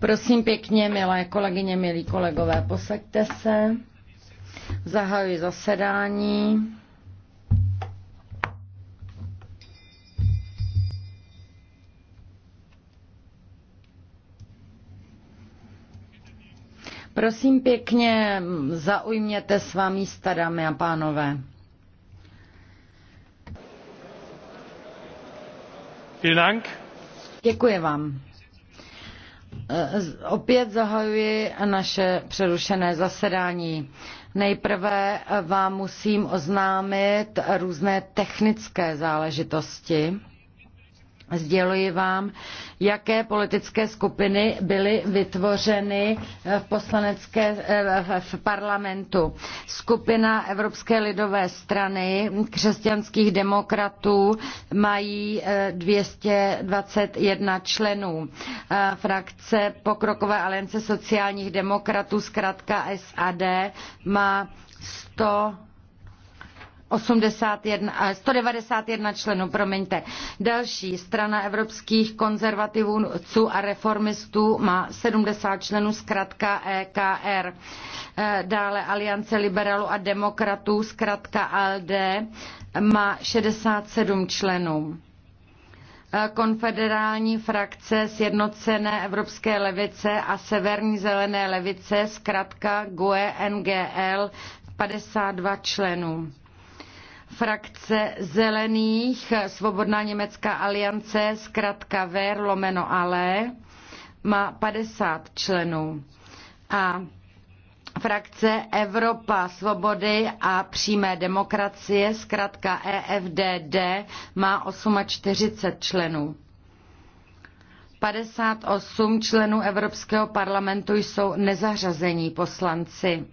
Prosím pěkně, milé kolegyně, milí kolegové, posaďte se. Zahajuji zasedání. Prosím pěkně, zaujměte svá místa, dámy a pánové. Děkuji vám. Eh, opět zahajuji naše přerušené zasedání. Nejprve eh, vám musím oznámit různé technické záležitosti. Sděluji vám, jaké politické skupiny byly vytvořeny v, poslanecké, eh, v parlamentu. Skupina Evropské lidové strany křesťanských demokratů mají 221 eh, členů. Eh, frakce Pokrokové aliance sociálních demokratů, zkrátka SAD, má 100 191 eh, členů, promiňte. Další strana evropských konzervativců a reformistů má 70 členů, zkrátka EKR. Eh, dále Aliance liberálů a demokratů, zkrátka ALD, má 67 členů eh, konfederální frakce sjednocené evropské levice a severní zelené levice, zkrátka GUE NGL, 52 členů frakce zelených Svobodná německá aliance, zkrátka VER lomeno ale, má 50 členů. A frakce Evropa svobody a přímé demokracie, zkrátka EFDD, má 48 členů. 58 členů Evropského parlamentu jsou nezařazení poslanci.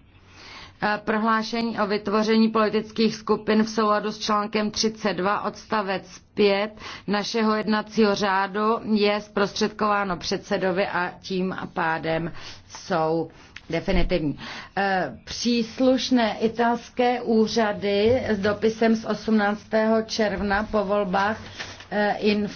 Eh, prohlášení o vytvoření politických skupin v souladu s článkem 32 odstavec 5 našeho jednacího řádu je zprostředkováno předsedovi a tím pádem jsou definitivní. Eh, příslušné italské úřady s dopisem z 18. června po volbách eh, informovaly